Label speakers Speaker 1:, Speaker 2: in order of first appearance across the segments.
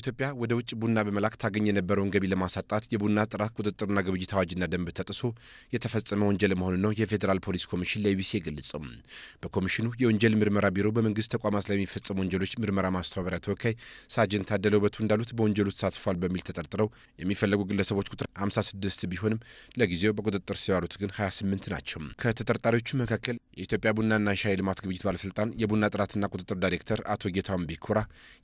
Speaker 1: ኢትዮጵያ ወደ ውጭ ቡና በመላክ ታገኝ የነበረውን ገቢ ለማሳጣት የቡና ጥራት ቁጥጥርና ግብይት አዋጅና ደንብ ተጥሶ የተፈጸመ ወንጀል መሆኑን ነው የፌዴራል ፖሊስ ኮሚሽን ለኢቢሲ የገለጸው። በኮሚሽኑ የወንጀል ምርመራ ቢሮ በመንግስት ተቋማት ላይ የሚፈጸሙ ወንጀሎች ምርመራ ማስተባበሪያ ተወካይ ሳጅን ታደለው ውበቱ እንዳሉት በወንጀሉ ተሳትፏል በሚል ተጠርጥረው የሚፈለጉ ግለሰቦች ቁጥር 56 ቢሆንም ለጊዜው በቁጥጥር ስር ግን 28 ናቸው። ከተጠርጣሪዎቹ መካከል የኢትዮጵያ ቡናና ሻይ ልማት ግብይት ባለስልጣን የቡና ጥራትና ቁጥጥር ዳይሬክተር አቶ ጌታውን ቢኩራ፣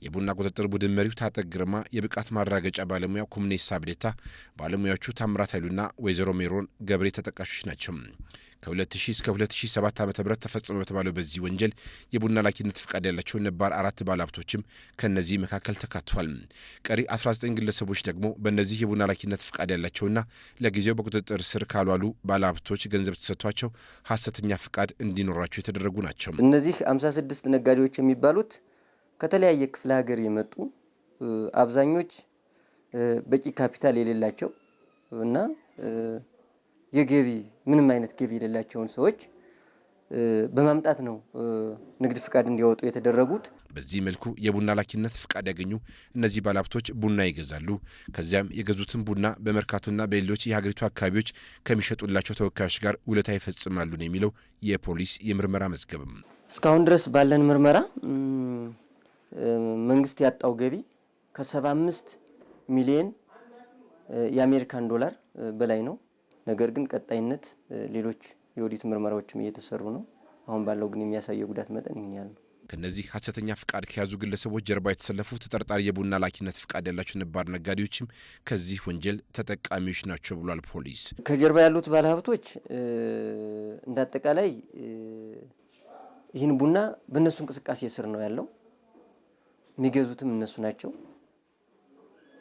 Speaker 1: የቡና ቁጥጥር ቡድን መሪው ታጠ አሰግድ ግርማ፣ የብቃት ማራገጫ ባለሙያ ኩምኔሳ አብዴታ፣ ባለሙያዎቹ ታምራት ኃይሉና ወይዘሮ ሜሮን ገብሬ ተጠቃሾች ናቸው። ከ2000 እስከ 2007 ዓ ም ተፈጽሞ በተባለው በዚህ ወንጀል የቡና ላኪነት ፍቃድ ያላቸው ነባር አራት ባለሀብቶችም ከእነዚህ መካከል ተካትቷል። ቀሪ 19 ግለሰቦች ደግሞ በእነዚህ የቡና ላኪነት ፍቃድ ያላቸውና ለጊዜው በቁጥጥር ስር ካልዋሉ ባለሀብቶች ገንዘብ ተሰጥቷቸው ሀሰተኛ ፍቃድ እንዲኖራቸው የተደረጉ ናቸው።
Speaker 2: እነዚህ 56 ነጋዴዎች የሚባሉት ከተለያየ ክፍለ ሀገር የመጡ አብዛኞች በቂ ካፒታል የሌላቸው እና የገቢ ምንም አይነት ገቢ የሌላቸውን ሰዎች በማምጣት ነው ንግድ ፍቃድ እንዲያወጡ የተደረጉት።
Speaker 1: በዚህ መልኩ የቡና ላኪነት ፍቃድ ያገኙ እነዚህ ባለሀብቶች ቡና ይገዛሉ። ከዚያም የገዙትን ቡና በመርካቶና በሌሎች የሀገሪቱ አካባቢዎች ከሚሸጡላቸው ተወካዮች ጋር ውለታ ይፈጽማሉ ነው የሚለው የፖሊስ የምርመራ መዝገብም።
Speaker 2: እስካሁን ድረስ ባለን ምርመራ መንግስት ያጣው ገቢ ከ75 ሚሊዮን የአሜሪካን ዶላር በላይ ነው። ነገር ግን ቀጣይነት ሌሎች የኦዲት ምርመራዎችም እየተሰሩ ነው። አሁን ባለው ግን የሚያሳየው ጉዳት መጠን ይህን ነው።
Speaker 1: ከነዚህ ሀሰተኛ ፍቃድ ከያዙ ግለሰቦች ጀርባ የተሰለፉ ተጠርጣሪ የቡና ላኪነት ፍቃድ ያላቸው ነባር ነጋዴዎችም ከዚህ ወንጀል ተጠቃሚዎች ናቸው ብሏል ፖሊስ።
Speaker 2: ከጀርባ ያሉት ባለሀብቶች እንደ አጠቃላይ ይህን ቡና በእነሱ እንቅስቃሴ ስር ነው ያለው። የሚገዙትም እነሱ ናቸው።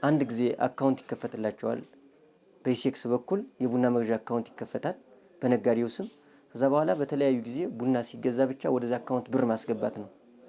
Speaker 2: አንድ ጊዜ አካውንት ይከፈትላቸዋል። በኢሴክስ በኩል የቡና መግዣ አካውንት ይከፈታል በነጋዴው ስም። ከዛ በኋላ በተለያዩ ጊዜ ቡና ሲገዛ ብቻ ወደዚ አካውንት ብር ማስገባት ነው።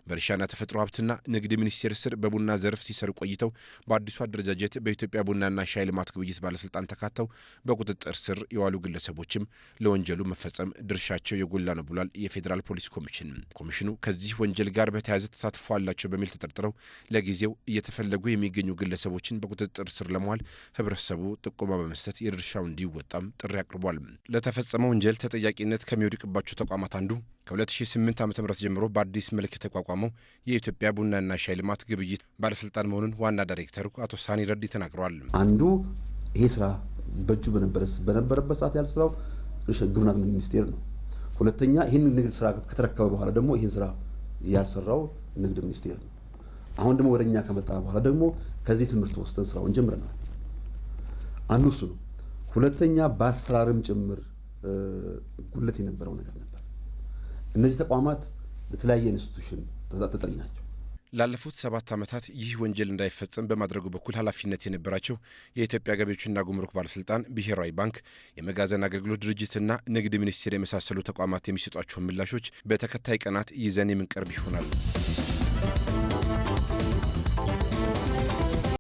Speaker 1: በእርሻና ተፈጥሮ ሀብትና ንግድ ሚኒስቴር ስር በቡና ዘርፍ ሲሰሩ ቆይተው በአዲሱ አደረጃጀት በኢትዮጵያ ቡናና ሻይ ልማት ግብይት ባለስልጣን ተካተው በቁጥጥር ስር የዋሉ ግለሰቦችም ለወንጀሉ መፈጸም ድርሻቸው የጎላ ነው ብሏል የፌዴራል ፖሊስ ኮሚሽን። ኮሚሽኑ ከዚህ ወንጀል ጋር በተያያዘ ተሳትፎ አላቸው በሚል ተጠርጥረው ለጊዜው እየተፈለጉ የሚገኙ ግለሰቦችን በቁጥጥር ስር ለመዋል ህብረተሰቡ ጥቆማ በመስጠት የድርሻው እንዲወጣም ጥሪ አቅርቧል። ለተፈጸመ ወንጀል ተጠያቂነት ከሚወድቅባቸው ተቋማት አንዱ ከ2008 ዓ ም ጀምሮ በአዲስ መልክ የተቋቋ የተቋቋመው የኢትዮጵያ ቡናና ሻይ ልማት ግብይት ባለስልጣን መሆኑን ዋና ዳይሬክተሩ አቶ ሳኒ ረዲ ተናግረዋል።
Speaker 3: አንዱ ይሄ ስራ በእጁ በነበረበት ሰዓት ያልስራው ግብርና ሚኒስቴር ነው። ሁለተኛ ይህን ንግድ ስራ ከተረከበ በኋላ ደግሞ ይህን ስራ ያልሰራው ንግድ ሚኒስቴር ነው። አሁን ደግሞ ወደ እኛ ከመጣ በኋላ ደግሞ ከዚህ ትምህርት ወስደን ስራውን ጀምረናል። አንዱ እሱ ነው። ሁለተኛ በአሰራርም ጭምር ጉለት የነበረው ነገር ነበር። እነዚህ ተቋማት ለተለያየ ኢንስቲቱሽን ተጠሪ ናቸው።
Speaker 1: ላለፉት ሰባት ዓመታት ይህ ወንጀል እንዳይፈጸም በማድረጉ በኩል ኃላፊነት የነበራቸው የኢትዮጵያ ገቢዎችና ጉምሩክ ባለስልጣን፣ ብሔራዊ ባንክ፣ የመጋዘን አገልግሎት ድርጅትና ንግድ ሚኒስቴር የመሳሰሉ ተቋማት የሚሰጧቸውን ምላሾች በተከታይ ቀናት ይዘን የምንቀርብ ይሆናል።